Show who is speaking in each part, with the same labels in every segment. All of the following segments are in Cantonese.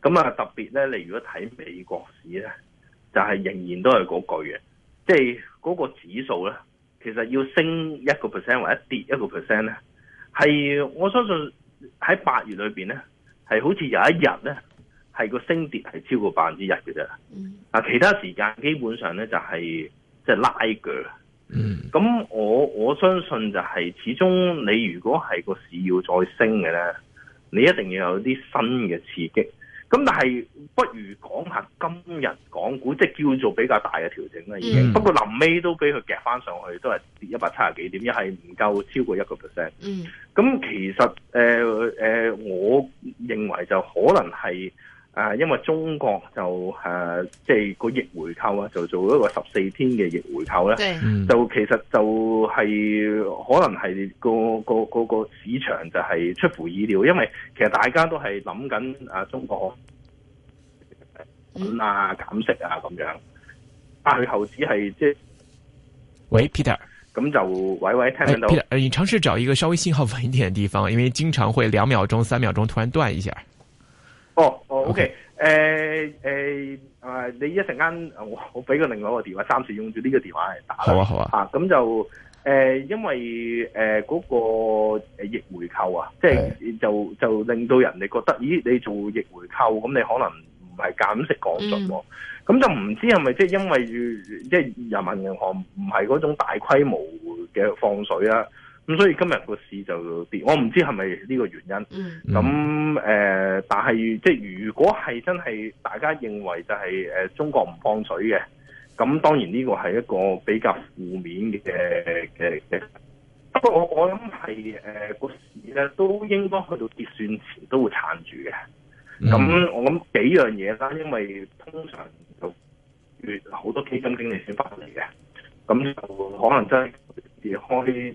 Speaker 1: 咁啊，特別咧，你如果睇美國市咧，就係、是、仍然都係嗰句嘅，即係嗰個指數咧，其實要升一個 percent 或一跌一個 percent 咧，係我相信喺八月裏面咧，係好似有一日咧，係個升跌係超過百分之一嘅啫。
Speaker 2: 啊，其他
Speaker 1: 時間基本上咧就係即係拉鋸。嗯，咁我我相信就係始終你如果係個市要再升嘅咧，你一定要有啲新嘅刺激。咁但係不如講下今日港股，即係叫做比較大嘅調整啦，已經，嗯。不過臨尾都俾佢夾翻上去，都係跌一百七十幾點，一係唔夠超過一個 percent。咁其實誒誒，我認為就可能係。誒、啊，因為中國就誒、啊，即係個逆回購啊，就做一個十四天嘅逆回購咧、嗯，就其實就係、是、可能係個個個個市場就係出乎意料，因為其實大家都係諗緊中國穩啊減息啊咁樣，啊佢後市係即係，喂 Peter，咁就喂喂聽到 Peter
Speaker 2: 你嘗試找一個稍微信號穩一點嘅地方，因為經常會兩秒鐘、三秒鐘突然斷一下。
Speaker 1: 哦，哦，OK，誒誒，啊，你一陣間我我俾個另外個電話，暫時用住呢個電話嚟打。好啊，好啊，嚇，咁就誒，因為誒嗰個誒逆回購啊，即係就就令到人哋覺得，咦，你做逆回購，咁你可能唔係減息降準喎，咁就唔知係咪即係因為即係人民銀行唔係嗰種大規模嘅放水啊。咁所以今日個市就跌，我唔知係咪呢個原因。咁誒、呃，但係即係如果係真係大家認為就係、是、誒、呃、中國唔放水嘅，咁當然呢個係一個比較負面嘅嘅嘅。不過我我諗係誒個市咧都應該去到結算前都會撐住嘅。咁、嗯、我諗幾樣嘢啦，因為通常就好多基金經理先翻嚟嘅，咁就可能真係要開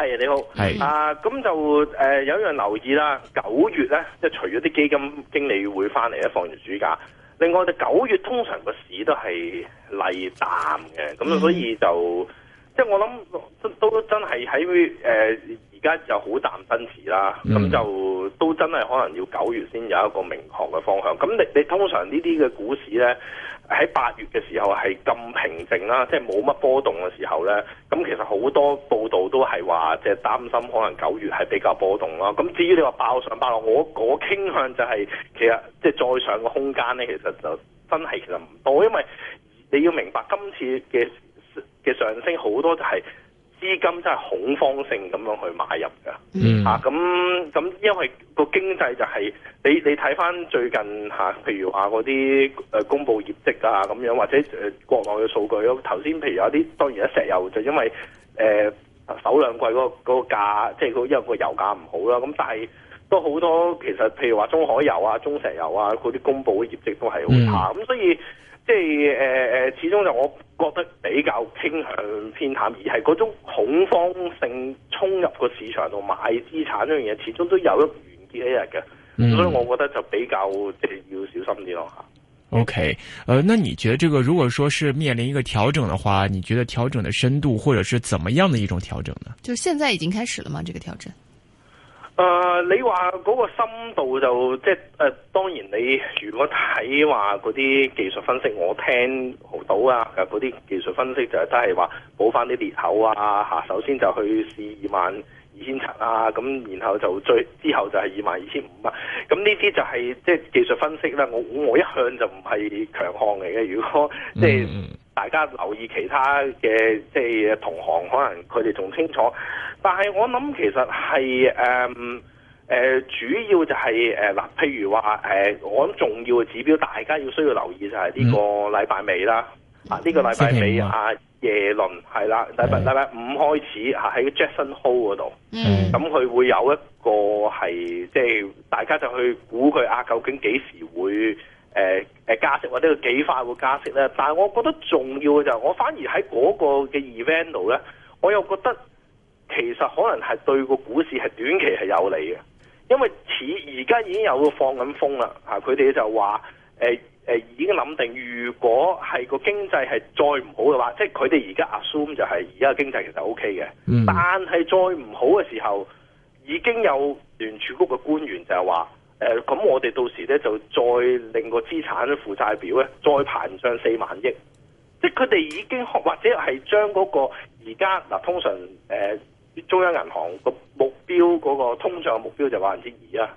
Speaker 2: 係你好，係啊，
Speaker 1: 咁就誒、呃，有一樣留意啦。九月咧，即係除咗啲基金經理會翻嚟咧，放完暑假。另外，就九月通常個市都係例淡嘅，咁所以就、嗯、即係我諗都，都，都真係喺誒。呃而家就好淡兵時啦，咁就都真係可能要九月先有一個明確嘅方向。咁你你通常呢啲嘅股市呢，喺八月嘅時候係咁平靜啦，即係冇乜波動嘅時候呢。咁其實好多報道都係話即係擔心可能九月係比較波動啦。咁至於你話爆上爆落，我傾向就係、是、其實即係再上嘅空間呢，其實就真係其實唔多，因為你要明白今次嘅嘅上升好多就係、是。資金真係恐慌性咁樣去買入嘅，嚇咁咁，因為個經濟就係、是、你你睇返最近嚇、啊，譬如話嗰啲誒公佈業績啊咁樣，或者誒國內嘅數據咯。頭先譬如有啲當然一石油就因為誒、呃、首兩季嗰、那個嗰價，即係因為個油價唔好啦。咁但係都好多其實譬如話中海油啊、中石油啊，佢啲公佈嘅業績都係好差。咁、mm. 所以即係誒誒，始終就我。覺得比較傾向偏淡，而係嗰種恐慌性衝入個市場度買資產一樣嘢，始終都有一完結一日嘅、嗯，所以我覺得就比較即係、就是、要小心啲咯嚇。
Speaker 2: O K，呃，那你覺得這個如果說是面臨一個調整的話，你覺得調整的深度或者是怎麼樣的一種調整呢？
Speaker 3: 就現在已經開始咗嘛？這
Speaker 2: 個調整。
Speaker 1: 誒、呃，你話嗰個深度就即係誒，當然你如果睇話嗰啲技術分析，我聽到啊，嗰啲技術分析就真係話補翻啲裂口啊，嚇，首先就去試二萬二千七啊，咁然後就最之後就係二萬二千五啊，咁呢啲就係即係技術分析啦。我我一向就唔係強項嚟嘅，如果即係。嗯。大家留意其他嘅即係同行，可能佢哋仲清楚。但係我諗其實係誒誒，主要就係誒嗱，譬、呃、如話誒、呃，我諗重要嘅指標，大家要需要留意就係呢個禮拜尾啦、嗯。啊，呢、這個禮拜尾，尾啊，耶倫係啦，禮拜禮拜五開始吓喺 Jackson Hole 嗰度。嗯。咁佢會有一個係即係大家就去估佢啊，究竟幾時會？誒、呃、誒、呃、加息或者個幾快會加息咧，但係我覺得重要嘅就係我反而喺嗰個嘅 event 度咧，我又覺得其實可能係對個股市係短期係有利嘅，因為似而家已經有個放緊風啦，吓佢哋就話誒誒已經諗定，如果係個經濟係再唔好嘅話，即係佢哋而家 assume 就係而家嘅經濟其實 ok 嘅，嗯，但係再唔好嘅時候，已經有聯儲局嘅官員就係話。誒、呃，咁我哋到時咧就再令個資產負債表咧再膨脹四萬億，即係佢哋已經學或者係將嗰個而家嗱，通常，誒、呃、中央銀行個目標嗰、那個通脹目標就百分之二啊，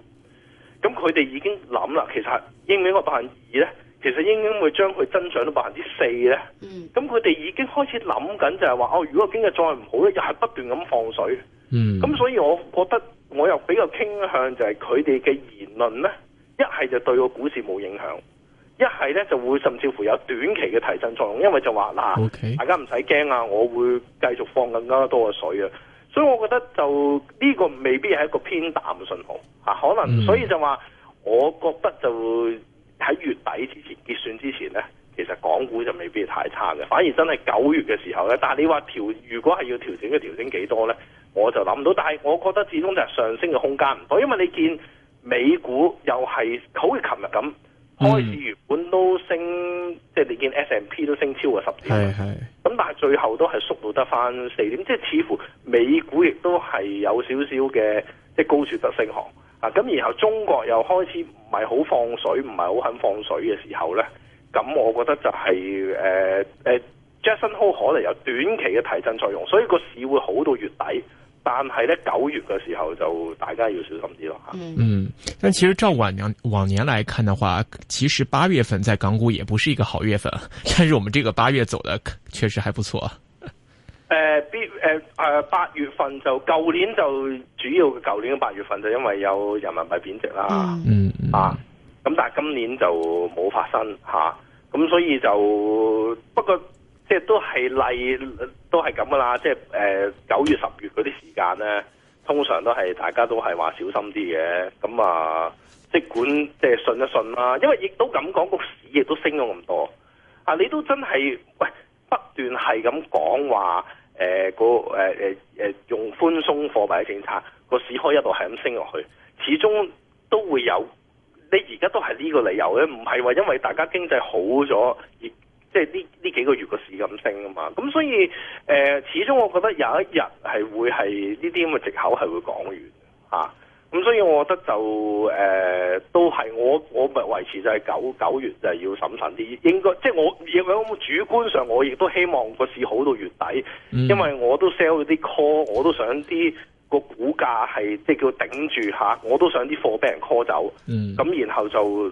Speaker 1: 咁佢哋已經諗啦，其實應唔應該百分之二咧？其實應唔應該會將佢增長到百分之四咧。咁佢哋已經開始諗緊就係話哦，如果經濟再唔好咧，又係不斷咁放水。咁、嗯、所以我覺得。我又比較傾向就係佢哋嘅言論呢，一係就對個股市冇影響，一係呢就會甚至乎有短期嘅提振作用，因為就話嗱，okay. 大家唔使驚啊，我會繼續放更加多嘅水啊，所以我覺得就呢、呢個未必係一個偏淡嘅信號嚇，可能、mm. 所以就話我覺得就喺月底之前結算之前呢，其實港股就未必是太差嘅，反而真係九月嘅時候呢。但係你話調，如果係要調整嘅調整幾多少呢？我就諗唔到，但係我覺得始終就係上升嘅空間唔多，因為你見美股又係好似琴日咁開始原本都升，嗯、即係你見 S&P 都升超過十
Speaker 2: 點，咁
Speaker 1: 但係最後都係縮到得返四點，即係似乎美股亦都係有少少嘅即高處不勝寒啊！咁然後中國又開始唔係好放水，唔係好肯放水嘅時候咧，咁我覺得就係、是、誒、呃呃 Jackson Hole 可能有短期嘅提振作用，所以個市會好到月底，但係咧，九月嘅時候就大家要小心啲咯。嗯嗯，
Speaker 2: 但其實照往年往年來看嘅話，其實八月份在港股也不是一個好月份，但是我們這個八月走得確實還不錯。
Speaker 1: 誒、呃，八、呃、月份就舊年就主要舊年嘅八月份就因為有人民幣貶值啦，
Speaker 2: 嗯啊，
Speaker 1: 咁但係今年就冇發生吓，咁、啊、所以就不過。即係都係例，都係咁噶啦。即係誒，九月，十月嗰啲時間咧，通常都係大家都係話小心啲嘅。咁啊，即管，即係信一信啦。因為亦都咁講，個市亦都升咗咁多啊！你都真係喂，不斷係咁講話誒，個誒誒誒，用寬鬆貨幣政策，個市可以一度係咁升落去，始終都會有。你而家都係呢個理由嘅，唔係話因為大家經濟好咗而。即係呢呢幾個月個市咁升啊嘛，咁所以誒、呃，始終我覺得有一日係會係呢啲咁嘅藉口係會講完嚇，咁、啊、所以我覺得就誒、呃，都係我我咪維持就係九九月就係要審慎啲，應該即係我亦有主觀上，我亦都希望個市好到月底，嗯，因為我都 sell 咗啲 call，我都想啲個股價係即係叫頂住嚇，我都想啲貨俾人 call 走，咁、嗯、然後就。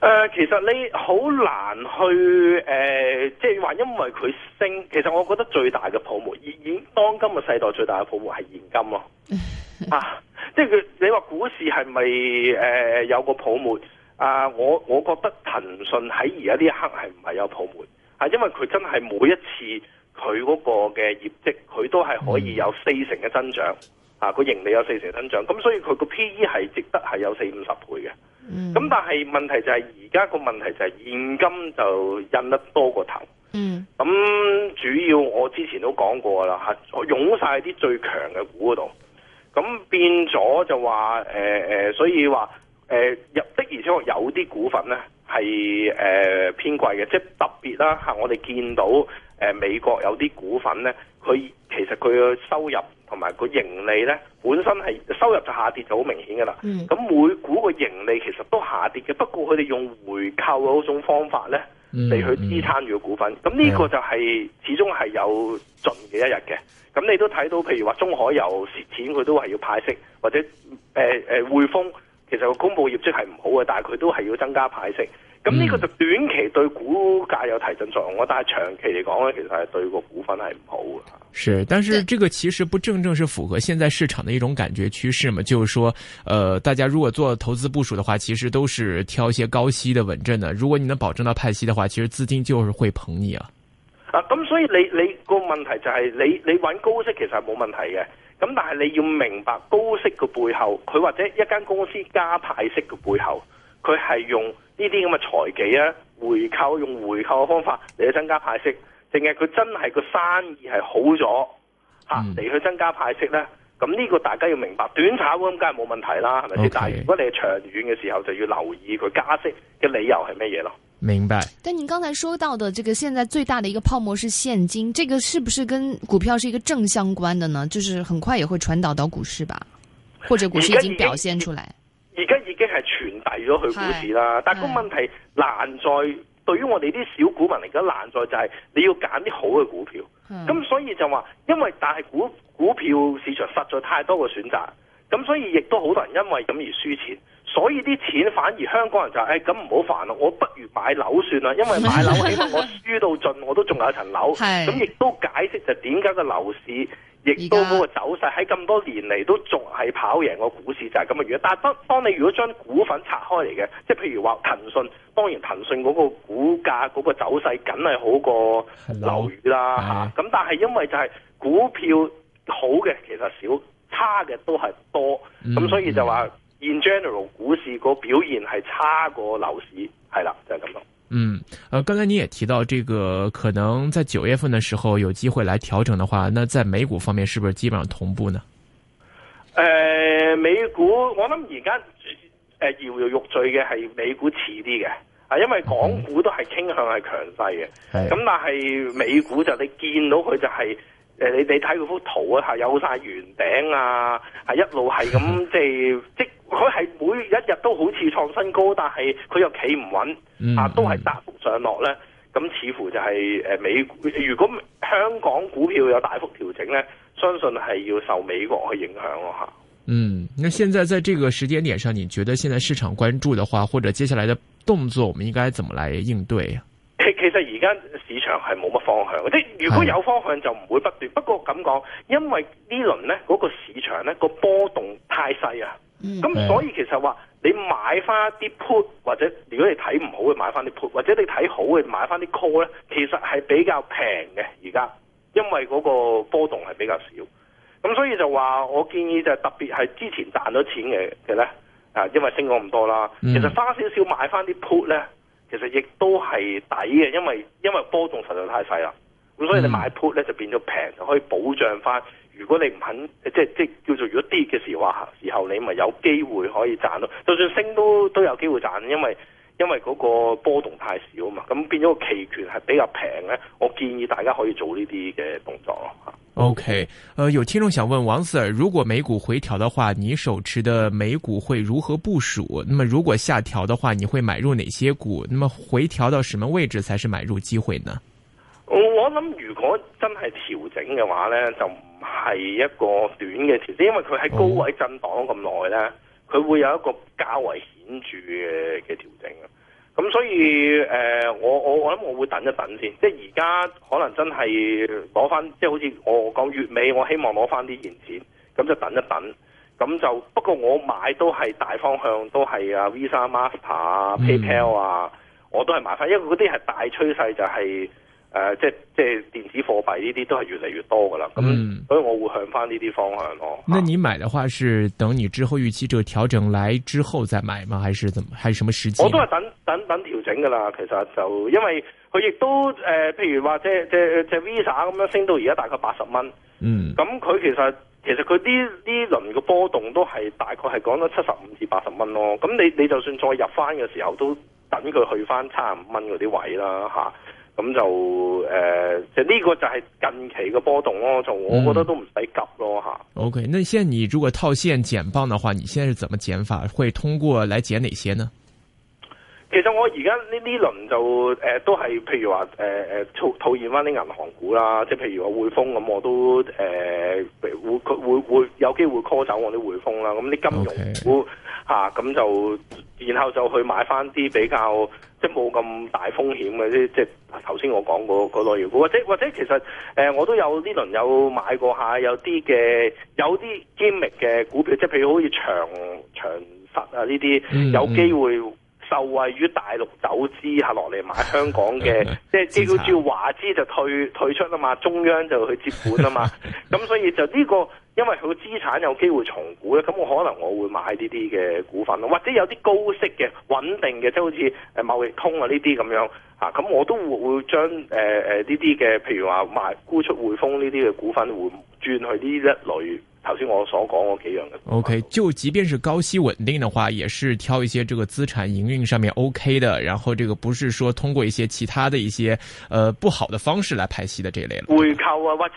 Speaker 1: 誒、呃，其實你好難去誒，即係話，就是，因為佢升，其實我覺得最大嘅泡沫，已經當今嘅世代最大嘅泡沫係現金咯。 啊，即係佢，你話股市係咪誒有個泡沫？啊，我我覺得騰訊喺而家呢一刻係唔係有泡沫？啊，因為佢真係每一次佢嗰個嘅業績，佢都係可以有四成嘅增長。嗯、啊，個盈利有四成嘅增長，咁所以佢個 PE 係值得係有四五十倍嘅。咁、嗯、但係問題就係而家個問題就係現金就印得多過頭，
Speaker 2: 咁、
Speaker 1: 嗯、主要我之前都講過啦吓，我湧晒啲最強嘅股嗰度，咁變咗就話誒誒，所以話誒入的而且確有啲股份咧係誒偏貴嘅，即係特別啦吓，我哋見到誒、呃、美國有啲股份咧。佢其實佢嘅收入同埋個盈利咧，本身係收入就下跌就好明顯噶啦。咁、mm. 每股個盈利其實都下跌嘅，不過佢哋用回購嗰種方法咧嚟去支撐住個股份。咁、mm. 呢個就係、是、始終係有盡嘅一日嘅。咁、yeah. 你都睇到，譬如話中海油蝕錢，佢都係要派息，或者誒誒匯豐，其實個公布業績係唔好嘅，但係佢都係要增加派息。咁呢個就短期對股價有提振作用，嗯、但係長期嚟講咧，其實係對個股份係唔好嘅。
Speaker 2: 是，但是這個其實不正正是符合現在市場的一種感覺趨勢嘛？就是說，呃，大家如果做投資部署的話，其實都是挑一些高息的穩陣的。如果你能保證到派息的話，其實資金就是會捧你啊。
Speaker 1: 啊，咁所以你你個問題就係你你揾高息其實係冇問題嘅，咁但係你要明白高息嘅背後，佢或者一間公司加派息嘅背後，佢係用。呢啲咁嘅財技啊，回購，用回購嘅方法嚟去增加派息，定係佢真係個生意係好咗，吓嚟去增加派息咧？咁、這、呢個大家要明白，短炒咁梗係冇問題啦，係咪先？但係如果你係長遠嘅時候，就要留意佢加息嘅理由係乜嘢咯。
Speaker 2: 明白。
Speaker 3: 但你剛才說到的，這個現在最大的一個泡沫是現金，這個是不是跟股票是一個正相關的呢？就是很快也會傳導到股市吧，或者股市已經表現出來。
Speaker 1: 而家已經係傳遞咗去股市啦，但係個問題難在對於我哋啲小股民嚟講，難在就係你要揀啲好嘅股票。咁所以就話因為，但係股股票市場實在太多個選擇，咁所以亦都好多人因為咁而輸錢，所以啲錢反而香港人就話，誒，咁唔好煩咯，我不如買樓算啦，因為買樓起碼我輸到盡 我都仲有一層樓，咁亦都解釋就點解個樓市。亦都嗰個走勢喺咁多年嚟都仲係跑贏個股市就係咁嘅樣，但係當當你如果將股份拆開嚟嘅，即係譬如話騰訊，當然騰訊嗰個股價嗰、嗰個走勢梗係好過樓宇啦吓，咁、yeah. 但係因為就係股票好嘅其實少，差嘅都係多，咁、mm -hmm. 所以就話 In general 股市個表現係差過樓市，係啦就係、
Speaker 2: 是、咁嗯，呃，剛才你也提到，這個可能在九月份的時候有機會來調整的話，那在美股方面是不是基本上同步呢？誒、
Speaker 1: 呃，美股我諗而家誒搖搖欲墜嘅係美股遲啲嘅，啊，因為港股都係傾向係強勢嘅，咁、嗯、但係美股就你見到佢就係、是。誒，你你睇嗰幅圖啊，係有晒圓頂啊，係一路係咁即係，即佢係每一日都好似創新高，但係佢又企唔穩，
Speaker 2: 啊，都係
Speaker 1: 大幅上落咧。咁似乎就係誒美，如果香港股票有大幅調整咧，相信係要受美國嘅影響咯嚇。嗯，
Speaker 2: 那現在在這個時間點上，你覺得現在市場關注的話，或者接下來的動作，我們應該怎麼來應對啊？
Speaker 1: 其其實而家市場係冇乜方向，即係如果有方向就唔會不斷。不過咁講，因為呢輪呢嗰個市場呢個波動太細啊，咁、嗯、所以其實話你買翻啲 put，或者如果你睇唔好嘅買翻啲 put，或者你睇好嘅買翻啲 call 呢，其實係比較平嘅而家，因為嗰個波動係比較少。咁，所以就話我建議就係特別係之前賺咗錢嘅嘅呢，啊，因為升咗咁多啦、嗯，其實花少少買翻啲 put 呢。其實亦都係抵嘅，因為因為波動實在太細啦，咁所以你買 put 咧就變咗平，就可以保障翻。如果你唔肯，即即叫做如果跌嘅時候，時候你咪有機會可以賺咯。就算升都都有機會賺，因為。因為嗰個波動太少啊嘛，咁變咗個期權係比較平咧，我建議大家可以做呢啲嘅動作咯。
Speaker 2: 吓，OK，誒、呃，有聽眾想問王 Sir，如果美股回調嘅話，你手持嘅美股會如何部署？那麼如果下調嘅話，你會買入哪些股？那麼回調到什麼位置才是買入機會呢？
Speaker 1: 呃、我諗如果真係調整嘅話咧，就唔係一個短嘅調整，因為佢喺高位震盪咁耐咧。哦佢會有一個較為顯著嘅嘅調整啊！咁所以誒、呃，我我我諗，我會等一等先。即係而家可能真係攞翻，即係好似我講月尾，我希望攞翻啲現錢，咁就等一等。咁就不過我買都係大方向都係啊，Visa、Master、PayPal 啊，我都係買翻，因為嗰啲係大趨勢就係、係。誒、呃，即係即係電子貨幣呢啲都係越嚟越多噶啦，咁、嗯、所以我會向翻呢啲方向咯、
Speaker 2: 啊。那你買的話，是等你之後預期這個調整來之後再買嗎？還是怎麼？還是什麼時間？我都係
Speaker 1: 等等等調整噶啦，其實就因為佢亦都誒、呃，譬如話即係即係即,即,即 Visa 咁樣升到而家大概八十蚊。嗯。咁佢其實其實佢呢呢輪嘅波動都係大概係講咗七十五至八十蚊咯。咁你你就算再入翻嘅時候，都等佢去翻差唔多五蚊嗰啲位啦，吓、啊。咁就誒，呢、呃這個就係近期嘅波動咯、嗯，就我覺得都唔使急咯吓。
Speaker 2: O、okay, K，那現在你如果套現減磅嘅話，你現在係怎麼減法？會通過嚟減哪些呢？
Speaker 1: 其實我而家呢呢輪就誒、呃，都係譬如話誒誒，套套現翻啲銀行股啦，即係譬如我匯豐咁，我都誒、呃、會佢會會，會有機會 call 走我啲匯豐啦。咁啲金融股吓，咁、okay. 啊、就。然後就去買翻啲比較即係冇咁大風險嘅啲，即係頭先我講過嗰類型股，或者或者其實、呃、我都有呢輪有買過下，有啲嘅有啲堅力嘅股票，即係譬如好似長長實啊呢啲有機會。就位於大陸走資下落嚟買香港嘅，即係即係叫叫華資就退退出啊嘛，中央就去接管啊嘛，咁 所以就呢、這個因為佢資產有機會重估咧，咁我可能我會買呢啲嘅股份咯，或者有啲高息嘅穩定嘅，即係好似貿易通啊呢啲咁樣，咁我都會將誒呢啲嘅，譬如話賣沽出匯豐呢啲嘅股份，會轉去呢一類。頭先我所
Speaker 2: 講嗰幾樣嘅，O K 就即便是高息穩定的話，也是挑一些這個資產營運上面 O、OK、K 的，然後這個不是說通過一些其他的一些，呃不好的方式來排息的這一類了。
Speaker 1: 回扣啊，或者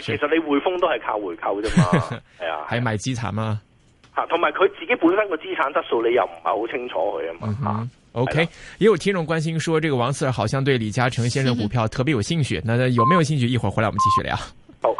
Speaker 1: 其實你匯豐都係靠回扣啫嘛，係
Speaker 2: 啊，啊，還賣資產嘛，吓、
Speaker 1: 啊，同埋佢自己本身個資產質素你又唔係好
Speaker 2: 清楚佢啊嘛，吓，O K。也有聽眾關心說，這個王四 i 好像對李嘉誠先生股票特別有興趣，那有沒有興趣？一會兒回來我們繼續聊。好